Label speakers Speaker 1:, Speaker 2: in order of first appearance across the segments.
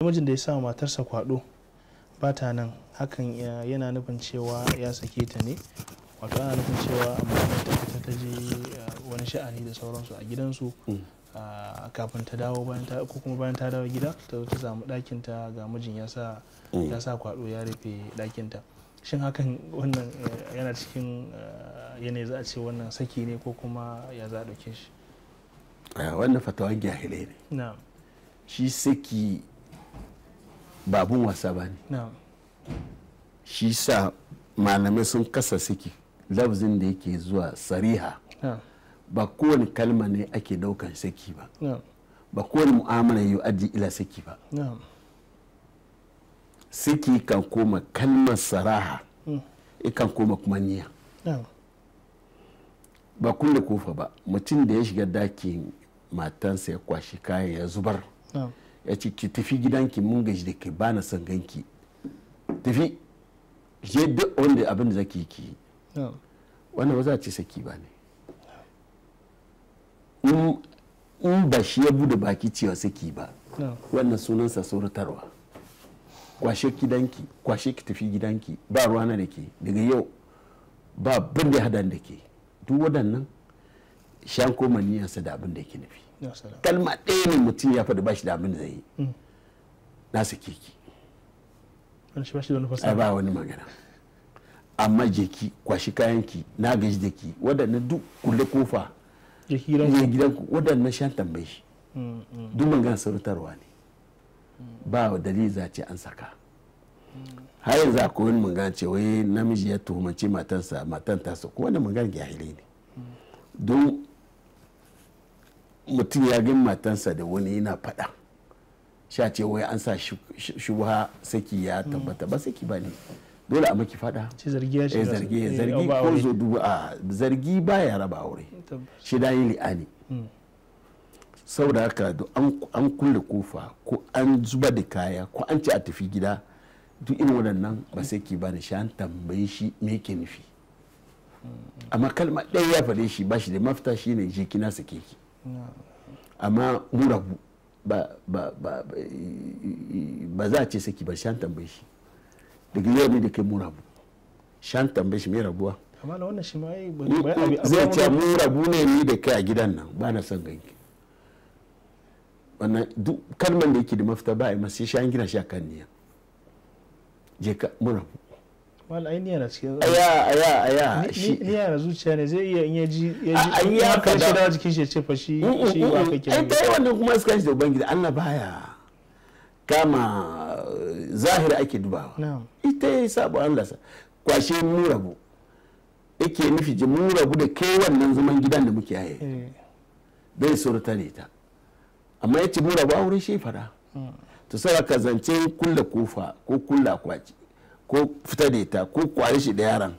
Speaker 1: namijin da ya sa matarsa kwado ba ta nan hakan yana nufin cewa ya sake ta ne wato ana nufin cewa amma ta fita ta je wani sha'ani da sauransu a gidansu mm. kafin ta dawo bayan ta ko kuma bayan ta dawo gida ta zo ta samu ɗakin ga mijin ya sa mm. ya kwado ya rufe ɗakin shin hakan wannan yana cikin yanayi za a ce wannan saki ne ko kuma ya za a shi wannan fatawan jahilai ne shi saki babun wasa ba ne shi sa malamai sun kasa siki lafzin da yake zuwa sariha ba kowane kalma ne ake daukan saki ba ba kowane mu'amala yi aji ila saki ba saki kan koma kalmar saraha hmm. ikan koma kuma niyya ba kulle kofa ba mutum da ya shiga dakin matansa ya kwashe kayan ya zubar ya ce ki tafi gidanki mun gaji da ke ba son ganki tafi je duk wanda abin da zaki ki yi wannan ba za a ce saki ba ne in ba shi ya bude baki cewa saki ba wannan sunansa sauratarwa kwashe gidanki kwashe ki tafi gidanki ba ruwana da ke daga yau ba bin da hadan da ke duk waɗannan shan koma niyansa da abin da yake nufi kalma ɗaya ne mutum ya faɗi bashi da abin da zai yi hmm. su keke ki ba wani magana amma jeki kwashi kayanki na gaji da ki waɗannan duk kulle kofa ne gidan ku waɗannan shan tambayi shi hmm, hmm. duk magana sarutarwa ne ba wa dalili za ce an saka har yanzu akwai wani magana ce wai namiji ya tuhumace matansa matan tasa ko wani magana gyahili ne don mutum ya gan matansa da wani yana faɗa sha ce wai an sa shubha saki ya tabbata ba saki ba ne dole a maki fada zargi ya eh, zargi ko zo dubu a zargi baya raba aure shi da yi li'ani hmm. saboda haka an kulle kofa ko an zuba da kaya ko an ci a tafi gida duk irin waɗannan ba sai ba da shi an tambaye shi me ke nufi hmm. amma kalma ɗaya ya faɗe shi ba shi da mafita shine je kina sake ki amma mun rabu ba za a ce saki ba shan tambayi shi daga yau ne da kai mun rabu shan tambayi shi mai rabuwa amma na wannan shi ma zai ce mun rabu ne ni da kai a gidan nan ba na son ganki wannan duk kalman da yake da mafita ba a yi masu shan gina shi a kan niyya je ka mun rabu wala ai yana na cikin aya aya aya Ni yana zuciya ne zai iya in ya ji ya ji ya kan shi da jikin shi ce fa shi mm, mm, shi ba mm, kake kira ai dai wannan kuma iskan shi da ubangiji Allah baya kama eh, zahiri ake dubawa ita yayi yi sabo Allah sa kwashe mu rabu yake nufi ji mu rabu da kai wannan zaman gidan da muke aye eh. bai surta ne ta amma yace ce mu rabu a wurin shi fada to sai ka zance kulla kofa ko kulla kwaci ko fita da ita ko kwari shi da yaran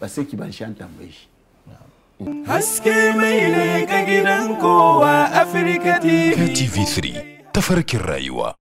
Speaker 1: ba sai ki ban shan tambaye shi haske mai ne ga gidan kowa afirka tv3 tafarkin rayuwa